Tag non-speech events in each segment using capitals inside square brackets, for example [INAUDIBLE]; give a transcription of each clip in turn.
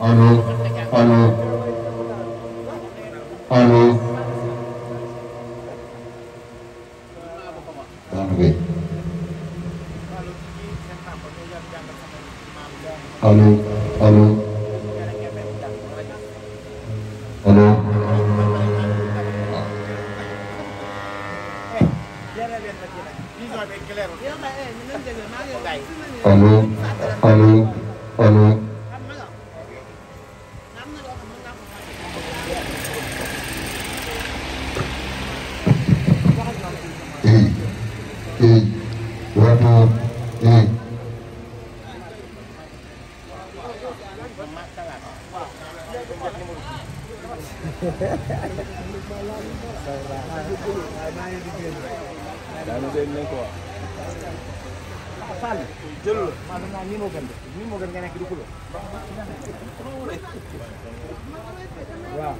allo allo allo. allo allo. allo. allo allo allo. daanu seen ne quoi. Fall jëlul maa ngi naan nii moo gën de nii moo gën nga nekk di kulo. waaw. ah.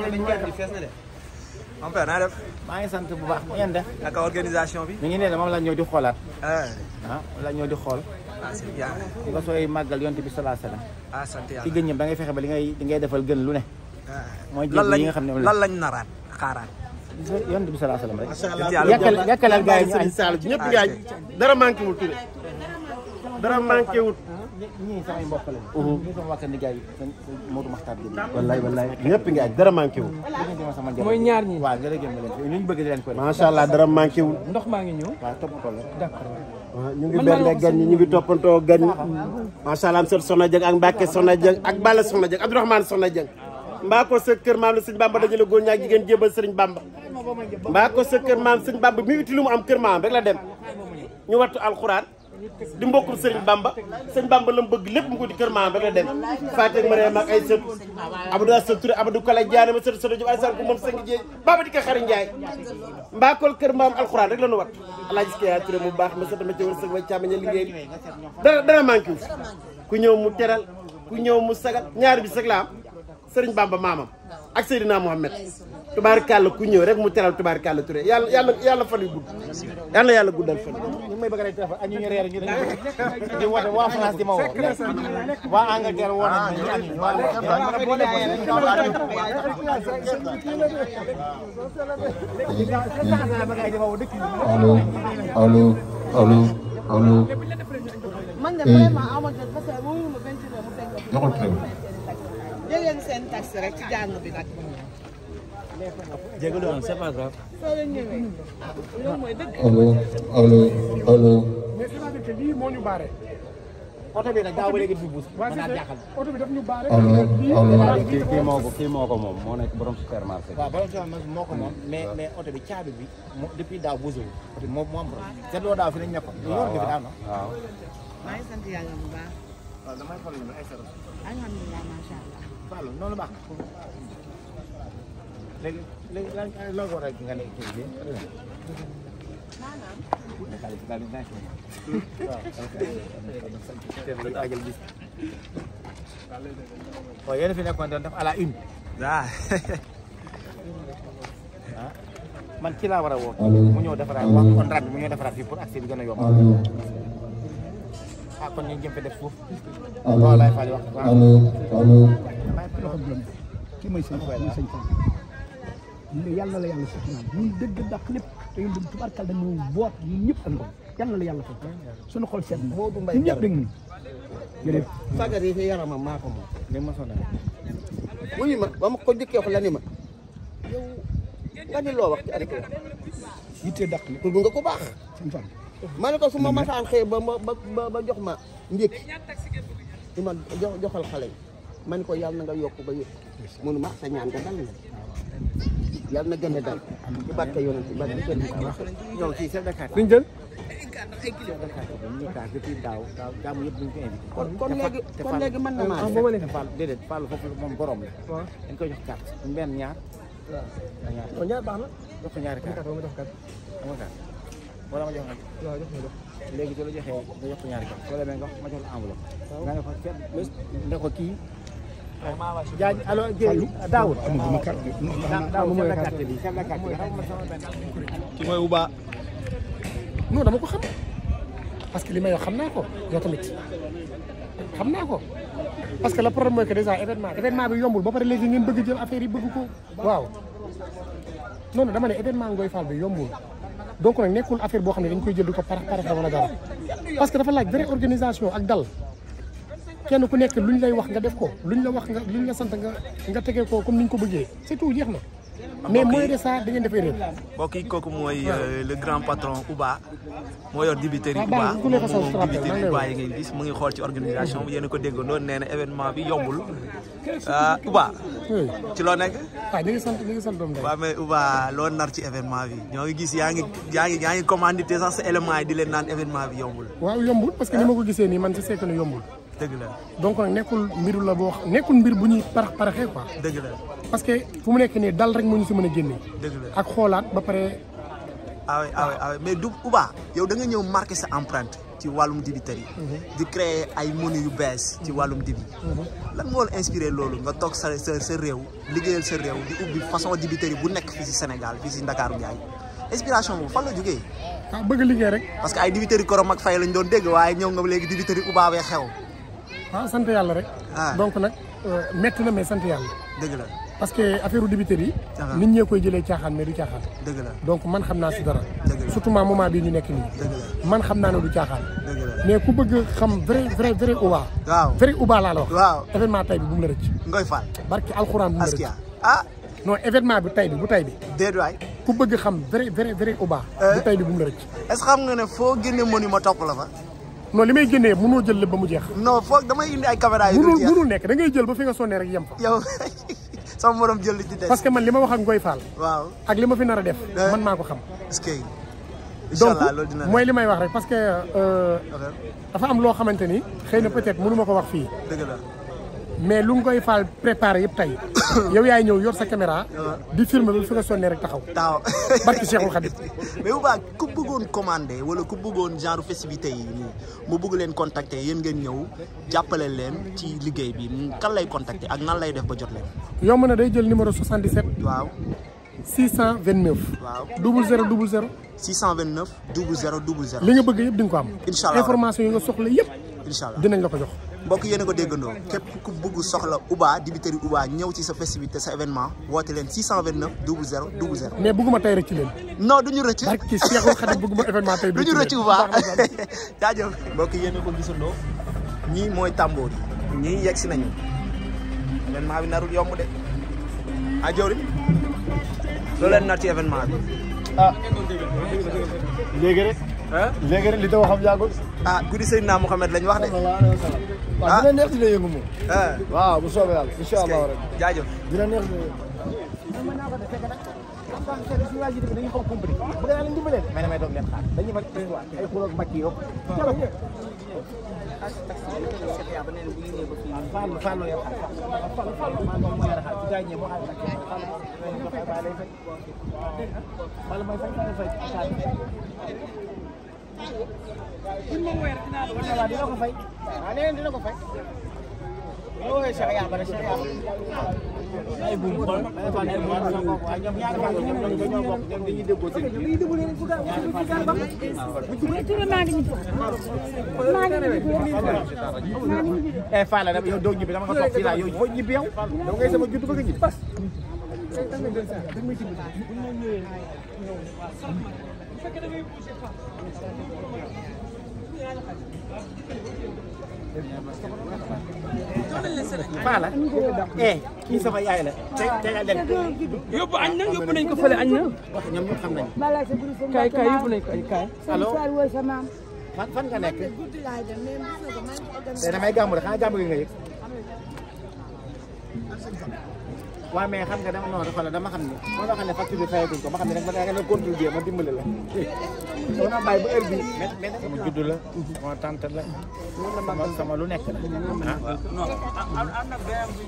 ah. ah. mon père naa def. maa ngi sant bu baax mu ngeen def. naka organisation bi. ñu ne moom la ñëw di xoolaat. ah moom di xool. ah c'est bien. sooy màggal yonent bi salaa salaam. ah sant yàlla gën ñëpp da ngay fexe ba li ngay li defal gën lu ne. mooy jéem yi nga xam ne lan lañ lan lañ naraat xaaraat. yonent bi salaa salaam rek. macha allah yàkkal yàkkalal gars yi ñu añ. ñëpp gars yi dara manqué wul tuuti dara manqué wul. ñii samay mbokk lañu. ñii sama waa kër Ndiaye seen Modou Makhtar Gueye. wallaay wallaay ñëpp ngi ak dara manqué wul. ñu bëgg leen ko. macha allah dara manqué wul. ndox maa ngi ñëw. waaw toppatoo la. d'accord ah, ñu ngi benn ñu ngi toppantoo macha allah am seen Soxna Dieng ak Mbacke Soxna Dieng ak bala Soxna Dieng Abdourahmane Soxna Dieng. mbaa ko sa kër maam la sëñ Bamba dañu la góor ñaak jigéen jébal sëriñ Bamba mbaa ko sa kër maam sëñ Bamba mi uti lu mu am kër maam rek la dem ñu wattu alxuraan di mbokkum sëriñ Bamba sëriñ Bamba la mu bëgg lépp mu ko di kër maam rek la dem Fatick Mariam ak ay sët Abdou Assane Touré Abdou Kala Diané ma sët sëriñ ay sànq moom sëriñ Jéy la mu baax sëriñ way ku ñëw mu mu sagal ñaari bi sax la am sëriñ Bamba maamam ak Seydina Mohamed tubaarkàlla ku ñëw rek mu teral tubaarkàlla Touré yàlla yàlla yàlla fan yu gudd yàlla yàlla guddal fan ñu may bëgg rek téléphone ak ñu ñu reer ñu dañu di woote waa France di ma woo waa Angleterre woo nañ ñu eh. am jëleen seen taxi rek ci jàng bi nag. jégalu woon c'est pas grave. soo leen ñëwee ah loolu mooy dëgg. allo allo allo. mais c'est vrai que lii moo ñu baare. oto bi nag daa wëree gis bu oto bi daf ñu baare. kii kii moo ko kii moo ko moom moo nekk borom supermarché bi. waaw borom supermarché moo ko moom mais mais oto bi caabi bi depuis daaw bouse bi moom moo am borom. seetloo daaw fi nañ nekkoon. waaw waaw waaw. maa ngi sant yàlla bu baax. waaw damay xool ne ay alhamdulilah macha allah. Fallou noonu baax na léegi léegi lan lan war a nga ne kii bi waaw yéen a fi nekkoon doon def à la une. waaw. man ci laa war a woo. mu ñëw defaraat wax contrat bi mu ñëw defaraat fii pour accès bi gën ah kon ñu jëm fi def foofu. allo allo allo. kii mooy sëñ Fallou mooy sëñ Fallou. mu la yàlla sax naan lépp te yéen dañu ñëpp dañu ko yàlla la yàlla fa xol seet na ñun ñëpp dañu ñu. jërëjëf sagar yi ci yaramam maa ko moom li ma ma ba ko njëkkee wax la ni ma yow nga ni loo wax ci arrêté. yitte dàq lépp nga ko baax sëñ ma ne ko su ma masaan xëy ba ma ba ba jox ma ndékki di ma jox joxal xale yi ma ko yàlla na nga yokk ba yëpp mënu ma sa ñaan nga dal na yàlla na gën a dal ci barke yonent ba seen ñoom fii seen Dakar duñ jël Dakar depuis daaw daaw jaamu yëpp duñ ko invité kon léegi kon léegi mën na maa moom borom la dañ koy jox carte benn ñaar ñaar baax na wala ma jox nga waaw jox nga jox léegi ci la joxee nga jox ko ñaari kan soo demee nga ma jox la enveloppe nga ne ko seet ne ko kii jaaj allo Dieng Daoud Daoud chef de quartier bi chef de quartier bi ki mooy Uba non dama ko xam parce que li may wax xam naa ko yow tamit xam naa ko parce que le problème mooy que déjà événement événement bi yombul ba pare léegi ngeen bëgg jël affaire yi bëgg ko waaw non non dama ne événement Ngoye Fall bi yombul donc nag nekkul affaire boo xam ne dañ koy jël di ko par par wala dara parce que dafa laaj vraie organisation ak dal kenn ku nekk lu ñu lay wax nga def ko lu ñu la wax nga luñ la sant nga nga tegee ko comme ni niñ ko bëggee c'est tout jeex na. mais moins de ça da ngeen dafay réer. mbokk yi kooku mooy euh, le grand patron Uba moo yor dibiteri ah, Uba moom dibiteri Uba yi ngay gis mu ngi xool ci organisation bi yéen a ko déggandoo nee na événement bi yombul euh, Uba. ci loo nekk. waaw ah, ñu ngi sant ñu ngi Uba loo nar ci événement bi ñoo ngi gis yaa ngi yaa ngi yaa ngi commandité sax sa yi di leen naan événement bi yombul. waaw yombul parce que ni ma ko gisee nii man si seetlu na yombul. la donc nekkul mbiru la boo nekkul mbir bu ñuy parax paraxee quoi. dëgg la. parce que fu mu nekk nii dal rek moo ñu si mën a génne. ak xoolaat ba pare. ah oui ah, ah mais du ubaa yow da nga ñëw marqué sa empreinte ci wàllum dibiteri mhm. di créer ay menu yu bees ci mhm. wàllum dibi mhm. lan moo la loolu nga toog sa sa sa réew liggéeyal sa réew di ubbi façon dibiteri bu nekk fii si Sénégal fii si Ndakaaru Ndiaye inspiration boobu fan la jógee. ah bëgg liggéey rek. parce que ay dibiteri korom ak fay lañ doon dégg waaye ñëw nga léegi dibiteri Uba bee xew. ah sant yàlla rek. Ah. donc nag euh, métti na mais sant yàlla. dëgg la. parce que affaire u dibiteri yi ah ah. nit ñee koy jëlee caaxaan mais du caaxaan donc man xam naa si dara surtout ma moment bii ñu nekk nii man xam naa ne du caaxaan mais ku bëgg xam vrai vrai vrai Ouba laa la wax waaw événement tay bu la rëcc ngoy faal barke alxuraan bu mu la rëcc ah. bi tay bi bu tay bi déedéet waay ku bëgg xam vrai vrai vrai Ouba euh. bu tay bi bu mu la rëcc est xam nga ne foo génne mënu ma topp la fa non li may génnee mënoo jël lépp ba mu jeex non foog damay indi ay caméra yu mënul nekk da ngay jël ba fi nga sonnee rek yem fa [LAUGHS] sama morom jël li ci parce que man li ma wax ak Ngoy Fall. ak li ma fi nar a def. man maa ko xam. est-ce que dina mooy li may wax rek parce que. Euh, dafa am loo xamante ni. xëy na peut-être mënu ma ko wax fii. dëgg la. mais lu nga koy faal préparé yëpp tey [COUGHS] yow yaay ñëw yor sa caméra. Ah. di firme ba fi nga sonnee rek taxaw. taaw [COUGHS] barki Cheikhul Khadim. [COUGHS] mais bu baax ku bëggoon commandé wala ku bëggoon genre festivité yi nii mu bëgg leen contacter yéen ngeen ñëw jàppale leen ci liggéey bi kan lay contacter ak nan lay def ba jot leen. yomb na day jël numéro 77. waaw. 629. waaw 0000. 629. 0000. li nga bëgg yëpp di nga ko am. incha allah yi nga soxla yëpp. incha dinañ la ko jox. mbokk yéen ko déggandoo képp ku bugg soxla Uba dibiteri Uba ñëw ci sa festivité sa événement woote leen 629 00 00. mais bugguma tey rëcc leen. non du ñu rëcc. ak kii [LAUGHS] du ñu rëcc Uba [LAUGHS] jaajëf. mbokk yéen ko gisandoo ñii mooy tàmboor yi ñii yegg si nañu événement bi narul yomb de ah loolu loo leen nar ci événement bi. léegi ah. rek. léegi rek li ta waxam yàggul ah guddi Seydina Mouhamed lañ wax de waaw ah, dina neex dina yëngu moom ah. waaw bu soobee yàlla incha allah rek jaajëf dina neex dina yëngu dañu ko compris bu dee lañ dimbalee mais damay toog leen xaar dañuy faj ay xuloog mbàcc yoog Fallu fallu yow fallu fallu man moom mooy raxal ci gaañee moo xal fallu fallu may fay fay buñ ma wooyee rek dinaa doon waaw dina ko fay waaw nee dina ko fay. ma wooyee Cheikh Yaba rek Cheikh Yaba. ay buum xool ay fan ay buum xool kooku waaye ñoom ñaari fan ñoom ñoom ñoo bokk ñoom dañuy déggoo seen biir. ñaari fan ñoom ñoo bokk ñoom ñoom ñoom fekkee da ngay bougé pas. paa la eh kii sama yaay la tey tey laa leen yóbbu añ na yóbbu nañ ko fële añ na wax ñoom ñu xam nañ kaay kaay yóbbu nañ ko ay kaay allo fan fan nga nekk tey damay gàmmu rek xanaa gàmmu gi nga yëg waaw mais xam nga dama noonu xoolal dama xam ne moo tax xam ne nag ma da la dama [LAUGHS] la sama tante la lu nekk la ah.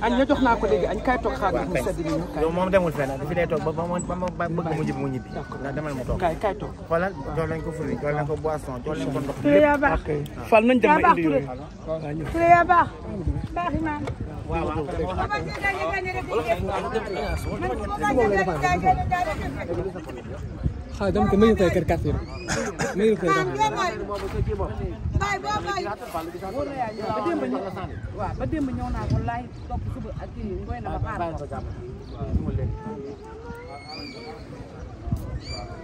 añ ña jox naa ko léegi añ kaay toog xaar ba ba ba bëgg mu jib mu ñibbi ndax demal mu toog baax ah. Hadi amke mayu kay karkat yo. Mayu kay. Bay boo bay. Ba démb ñëw waaw ba démb ñëw naa ko laay topp suba ak kii ngoy na ba xaar.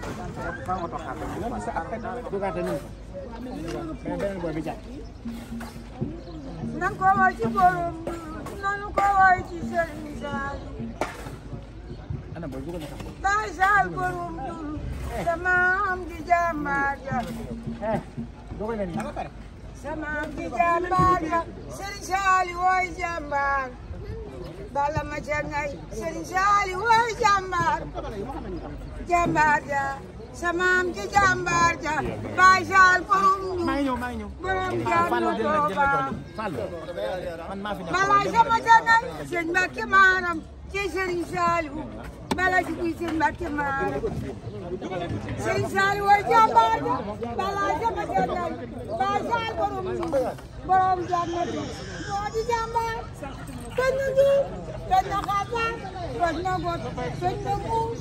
nan ko woo ci borom nanu ko woo ci sëriñ Saalu Baay Saal borom dul sama am di jàmbaar ja sama am di jàmbaar ja sëriñ Saali wooy jàmbaar bala ma ca ngay Saali wooy jàmbaar jàmbaar ja samaam ci jàmbaar ja baay saal borom ñu borom jaanu booba balay sama janal sëñ Mbàkke maaram ci sëriñ Saalihu balay ci kuy sëñ Mbàkke maaram sëriñ Saalihu war jàmbaar ja balay sama janal baay saal borom ñu borom jaanu moo di jàmbaar sëñ na juub sëñ na xabaar sëñ na got sëñ na muus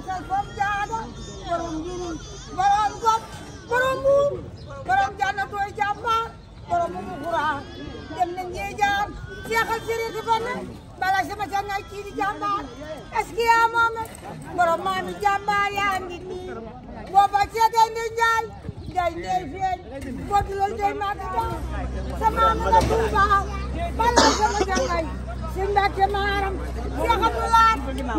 borom xel borom borom njëriñ borom gox borom muur borom jànnatooy borom mu xuraan dem nañ ñee jaar jeexal séeréer di bala sama ca ngay kii di jàmbaar borom maa mi jàmbaar yaa booba cee day ndi njaay day ndey feeñ boo dulal maa di daal sama am bala sama ca ngay si maaram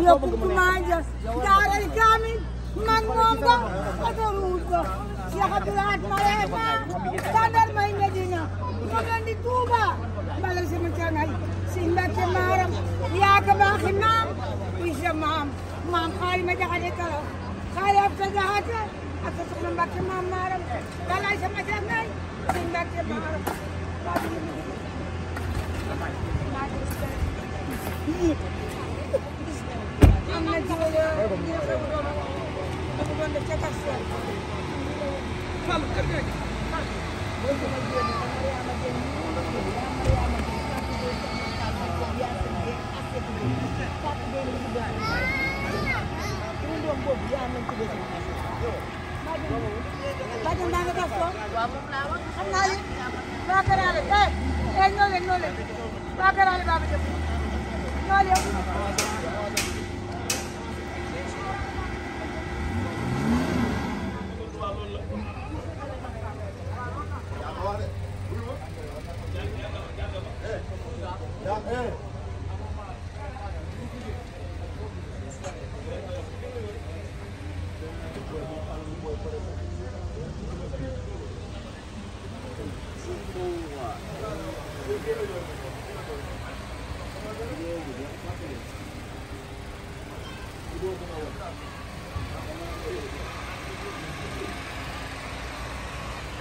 yow ku maa njëkk daaray kaamil man moom ba autoroute ba Cheikh Abdoulaye ma leen naa tàndal may Medina ma gën di Touba bala sama canay si Mbacke maaram yaa ka baaxi maam kuy sa maam maam xaali ma jaxate kala xaali ab sa jaxate ak sa soxna Mbacke maam maaram bala sama canay si Mbacke maaram Bakaraale Baba Diop la Thank you.